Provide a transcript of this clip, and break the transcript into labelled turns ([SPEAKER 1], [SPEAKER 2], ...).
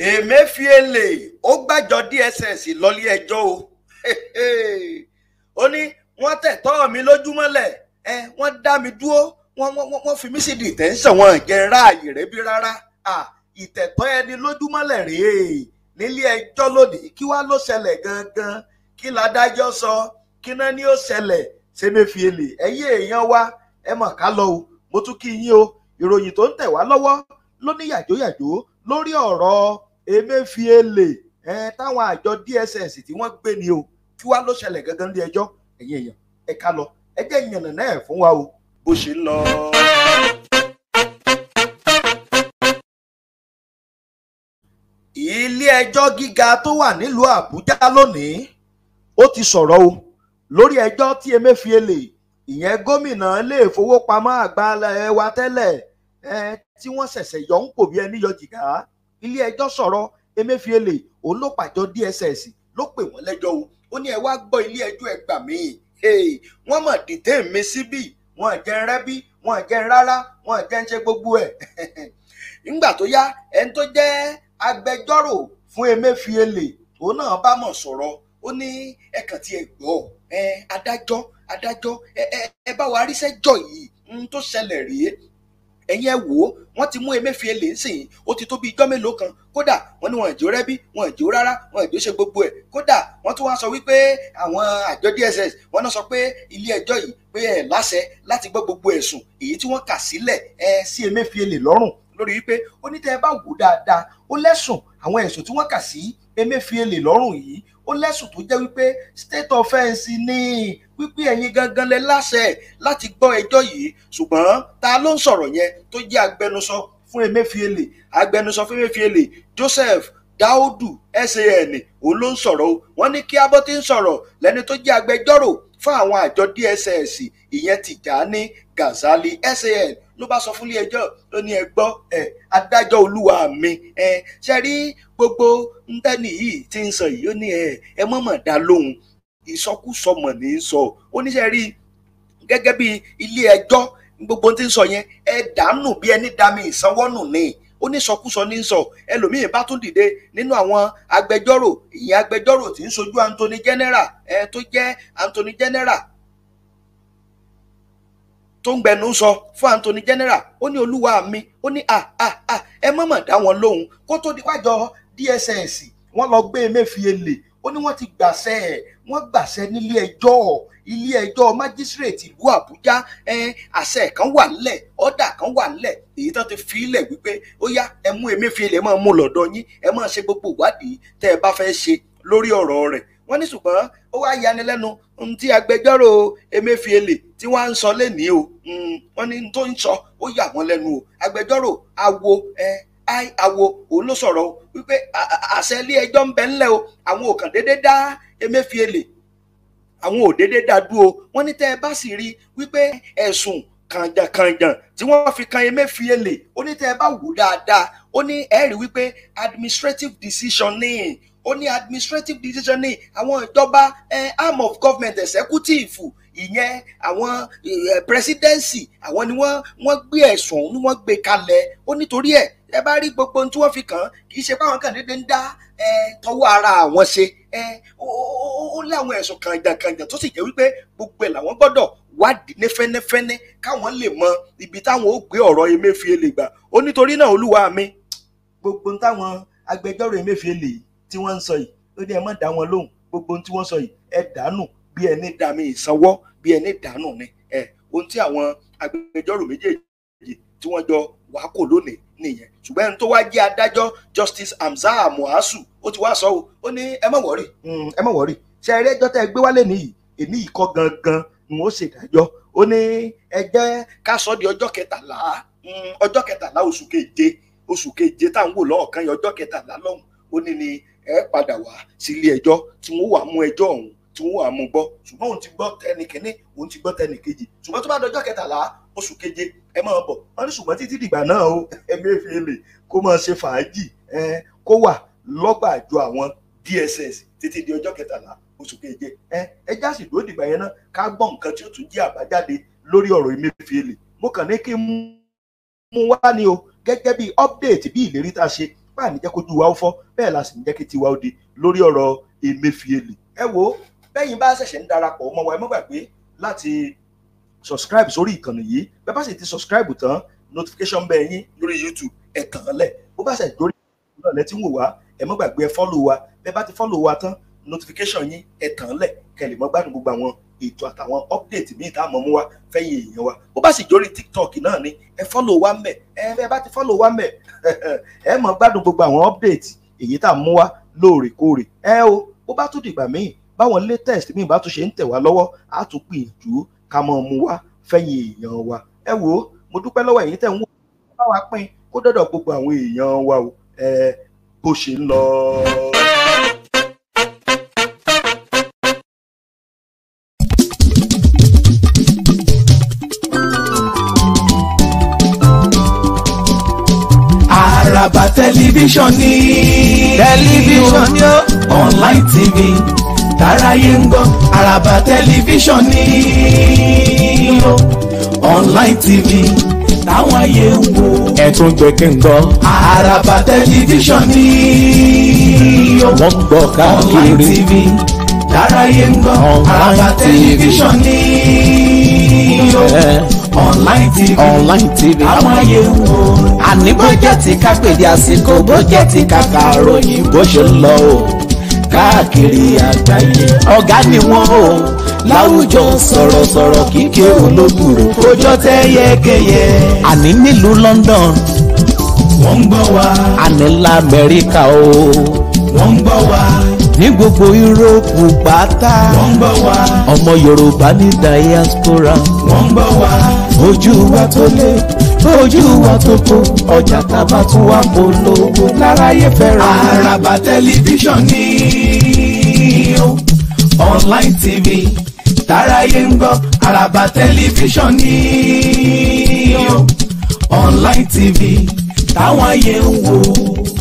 [SPEAKER 1] Emefiele ó gbàjọ DSS lọlé ẹjọ́ o ó ní wọ́n tẹ̀tọ́ mi lójúmọ́lẹ̀ ẹ wọ́n dá mi dúró wọ́n wọ́n wọ́n fi mí sí detention wọn jẹ ráàyè rẹ bí rárá ìtẹ̀tọ́ ẹni lójúmọ́lẹ̀ rèé nílé ẹjọ́ lónìí kí wàá ló ṣẹlẹ̀ gangan kí ládájọ́ sọ kí náà ni ó ṣẹlẹ̀ sẹ́mẹ́fìlè ẹ̀yìn èèyàn wa ẹ mọ̀ ká lọ o mo tún kí yín o ìròyìn tó ń tẹ̀ wá lọ́wọ́ ló ní lórí ọ̀rọ̀ Emefiele táwọn àjọ DSS tí wọ́n gbé ni o kí wá ló ṣẹlẹ̀ gangan lé ẹjọ́ ẹ̀yin èèyàn ẹ ká lọ ẹ jẹ́ ìyànnà náà fún wa o bó ṣe ń lọ. ilé-ẹjọ́ gíga tó wà nílùú Àbújá lónìí ó ti sọ̀rọ̀ o lórí ẹjọ́ tí Emefiele ìyẹn gómìnà ilé ìfowópamọ́ àgbà wa tẹ́lẹ̀ tí wọ́n ṣẹ̀ṣẹ̀ yọ ń pò bí ẹni yọ jìgá ilé-ẹjọ́ sọ̀rọ̀ Emefiele òun ló pàjọ DSS ló pè wọ́n lẹ́jọ́ o ó ní ẹ wá gbọ́ ilé-ẹjọ́ ẹ mí wọ́n mọ̀ dìtẹ́ mi síbì wọ́n jẹ́ rẹ́bí wọ́n jẹ́ rárá wọ́n jẹ́ ń ṣe gbogbo ẹ̀ nígbà tó yá ẹni tó jẹ́ agbẹjọ́rò fún Emefiele òun náà bá mọ̀ sọ̀rọ̀ ó ní ẹ kàn tiẹ̀ gbọ́ adájọ́ adájọ́ ẹ bá wa ríṣẹ́ jọ yìí tó ṣẹlẹ̀ rèé ẹ̀yin ẹ wò ó wọ́n ti mú Emefiele nsìn ó ti tó bí ijọ́ mélòó kan kódà wọ́n ní wọn ìjó rẹ́bí wọn ìjó rárá wọn ìjó ṣe gbogbo ẹ̀ kódà wọ́n tún wá sọ wípé àwọn àjọ DSS wọ́n náà sọ pé ilé ẹjọ́ yìí pé ẹ̀ láṣẹ láti gbọ́ gbogbo ẹ̀sùn èyí tí wọ́n kà sílẹ̀ ẹ̀ sí Emefiele lọ́rùn lórí wípé ó ní tẹ́ ẹ bá wò dáadáa ó lẹ́sùn àwọn ẹ̀sùn tí wọ́n kà sí Emefiele lọ́rùn yìí ó lẹ́sùn tó jẹ́ wípé state offence ni wípé ẹ̀yin gangan lẹ láṣẹ láti gbọ́ ẹjọ́ yìí ṣùgbọ́n ta ló ń sọ̀rọ̀ yẹn tó jẹ́ agbẹnusọ fún Emefiele agbẹnusọ fún Emefiele Joseph Daudu, SAN òun ló ń sọ̀rọ̀ o wọ́n ní kí abọ́ ti ń sọ̀rọ̀ lẹ́ni tó jẹ́ agbẹjọ́rò fún àwọn àjọ DSS ìyẹn Tijani Gazali SAN ló bá sọ fún ilé ẹjọ́ ló ní ẹ gbọ́ ẹ adájọ́ olúwa mi ẹ ṣe rí gbogbo ntẹni yìí tí ń sọ yìí ó ní ẹ ẹ mọ̀mọ̀ dá lóhùn ìsọkúsọ ní í sọ ó rí gẹ́gẹ́ bí ilé ẹjọ́ gbogbo tí ń sọ yẹn ẹ dànù bí ẹni dami ìsanwọ́nù ni onísọkúsọ ní sọ ẹlòmíín bá tún dìde nínú àwọn agbẹjọ́rò ìyẹn agbẹjọ́rò tí ń sojú Anthony General ẹ tó jẹ́ Anthony General tó ń gbẹnu sọ fún Anthony General ó ní olúwa mi ó ní à à à ẹ mọ̀mọ̀ dá wọn lóhùn kó tó díwájọ DSS wọ́n lọ gbé Emefiele ó ní wọ́n ti gbàṣẹ ẹ̀ wọ́n gbàṣẹ nílé ẹjọ́ ilé ẹjọ́ májísírèètì ìlú Àbújá àṣẹ kan wà nílẹ̀ ọ̀dà kan wà nílẹ̀ èyí tó ti fi ilẹ̀ wípé ó yá ẹ mú Emefiele ẹ máa mú lọ́dọ̀ yín ẹ máa ṣe gbogbo ìwádìí tẹ́ ẹ bá fẹ́ ṣe lórí ọ̀rọ̀ rẹ̀ wọ́n ní ṣùgbọ́n ó wá yanilẹ́nu tí agbẹjọ́rò emefiele tí wọ́n ń sọ lẹ́nìí o mm, wọ́n ní tó ń sọ ó yà wọ́n lẹ́nu o agbẹjọ́rò awo ai awo òun ló sọ̀rọ̀ o wípé àṣẹ ilé ẹjọ́ ń bẹ ńlẹ̀ o àwọn ò kàn déédéé dá emefiele àwọn ò déédéé dá dúró wọ́n ní tẹ́ ẹ bá sì rí wípé ẹ̀sùn kànjàkànjàn tí wọ́n fi kan Emefiele ó ní tẹ́ ẹ bá wò dáadáa ó ní ẹ wípé administrative decision ni ó ní administrative decision ni àwọn ìjọba arm of government executive ìyẹn àwọn presidency àwọn ni wọ́n wọ́n gbé ẹ̀sùn ni wọ́n gbé kalẹ̀ ó nítorí ẹ̀ ẹ bá rí gbogbo ohun tí wọ́n fi kàn kì í ṣe báwọn kàn déédéé ń dá tọwọ́ ara àwọn ṣe ẹ ó láwọn ẹ̀sùn kànjàkànjà tó sì jẹ́ wípé gbogbo ẹ̀ làwọn gbọ́dọ̀ wádìí ní fẹ́nẹ́fẹ́nẹ́ káwọn lè mọ ibi táwọn ó gbé ọ̀rọ̀ Emefiele gbà ó nítorí náà olúwa mi gbogbo táwọn agbẹjọ́rò Emefiele tí wọ́n ń sọ yìí ó ní ẹ má dá wọn lóhùn gbogbo tí wọ́n sọ yìí ẹ dànù bí ẹni dàmí ìsanwó bí ẹni dànù ni ẹ ohun tí àwọn agbẹjọ́rò méjèèjì tí wọ́n jọ wàá kò lónìí nìyẹn ṣùgbọ́n ẹni tó wá jẹ́ adájọ́ Justice Hamza Muazu ó ti wá sọ o ó ní ẹ má wọ̀rì hmm, ẹ má wọ̀rì ṣe eré ẹjọ́ tẹ́ ẹ gbé wálé nìyí èmi yìí kọ́ gangan ni wọ́n ṣèdájọ́ ó ní ẹ jẹ́ ká sọ di ọjọ́ kẹtàlá hmm, ọjọ́ kẹtàlá oṣù keje oṣù keje tá à ń wò lọ́ọ̀kan yẹn ọjọ́ kẹtàlá lọ́hùn ó ní ni ẹ padà wá sílé ẹjọ́ tí wọ́n wà mú ẹjọ́ ọ̀hún tí wọ́n wà mú gbọ́ ṣùgbọ́n òun ti gbọ́ tẹnìkíní òun ti gbọ́ tẹnìkejì ṣùgbọ́n tó bá dọjọ́ kẹtàlá oṣù keje ẹ máa bọ̀ wọ́n ní ṣùgbọ́n títí dìgbà náà o Emefiele kó máa ṣe fàájì kó wà lọ́gbà àjọ àwọn DSS títí di ọjọ́ kẹtàlá oṣù keje ẹ já sì dúró dìgbà yẹn náà ká gbọ́ nǹkan tí ó tún jẹ́ àbájáde lórí ọ̀rọ̀ Emefiele mo kàn ní kí n mú wá ni o gẹ́gẹ́ bí update bí ìlérí tá a ṣe báà ní jẹ́ kójú wa ó fọ́ bẹ́ẹ̀ la sì ní jẹ́ kí tiwa ó di lórí ọ̀rọ̀ Emefiele ẹ wo bẹ́yìn bá ṣẹ̀ṣẹ̀ ń darapọ̀ ọmọ wa ẹ mọ́ gbàgbé láti subscribe sórí ìkànnì yìí bẹ́ẹ̀ bá sì ti subscribe tán notification bẹ́ẹ̀ yín lórí YouTube ẹ̀ tàn án lẹ̀ bó bá sì dórí ìkànnì náà lẹ́tí ń wò wá ẹ̀ mọ́ gbàgbé ẹ follow wa bẹ́ẹ̀ bá ti follow wa tán notification yín ẹ̀ tàn án lẹ̀ kẹ́lẹ̀ mọ́ gbádùn gbogbo àwọn ètò àtàwọn update míì tá a mọ̀ mú wa fẹ́yìn èèyàn wa bó bá sì dórí TikTok náà ni ẹ follow wa mẹ́ ẹ bẹ́ẹ̀ bá ti follow wa mẹ́ ẹ mọ́ gbádùn gbogbo àwọn update èyí tá a mú wa lóòrèkóòrè ẹ o bó bá tún dìgbà míì báwọn latest míì bá tún ṣe ń tẹ̀ wá lọ́wọ́ á tún gbìyànjú ká mọ̀ mú wá fẹ́yìn èèyàn wa ẹ wò mo dúpẹ́ lọ́wọ́ ẹ̀yin tẹ̀ ń wò bá wa pín kó dọ́dọ̀ gbogbo àwọn èèyàn wa o ẹ bó ṣe ń lọ.
[SPEAKER 2] Àràbà tẹlifíṣàn ni tẹlifíṣàn ni ó online tv táráyé ń gbọ́ àràbà tẹlifíṣàn ni o online tv táwọn ayé ń wo. ẹ tún jẹ́ kí n gbọ́. àràbà tẹlifíṣàn ni o wọ́n gbọ́ káàkiri online tv táráyé ń gbọ́ àràbà tẹlifíṣàn ni o online tv online tv àwọn ayé ń wo. àní bó jẹ́ ti ká pèdé àsìkò bó jẹ́ ti ká kàròyìn bó ṣe lọ o káàkiri àgbáyé ọ̀gá ni wọ́n o láwùjọ sọ̀rọ̀sọ̀rọ̀ kíkẹ́ olóbùrò kójọ́ tẹ́ yẹ́kẹ́yẹ́. àní nílùú London wọ́n ń gbọ́ wa. àní la Amẹ́ríkà o wọ́n ń gbọ́ wa ní gbogbo yúróòpù pátá. wọ́n ń gbọ́ wa. ọmọ Yorùbá ní diaspora. wọ́n ń gbọ́ wa. ojú wa tó lé tójú wa tótó ọjà tábà tún wá polówó láráyé fẹ́ràn. àràbà tẹlifíṣàn ni ó online tv táráyé ń gbọ́ àràbà tẹlifíṣàn ni ó online tv táwọn ayé ń wò ó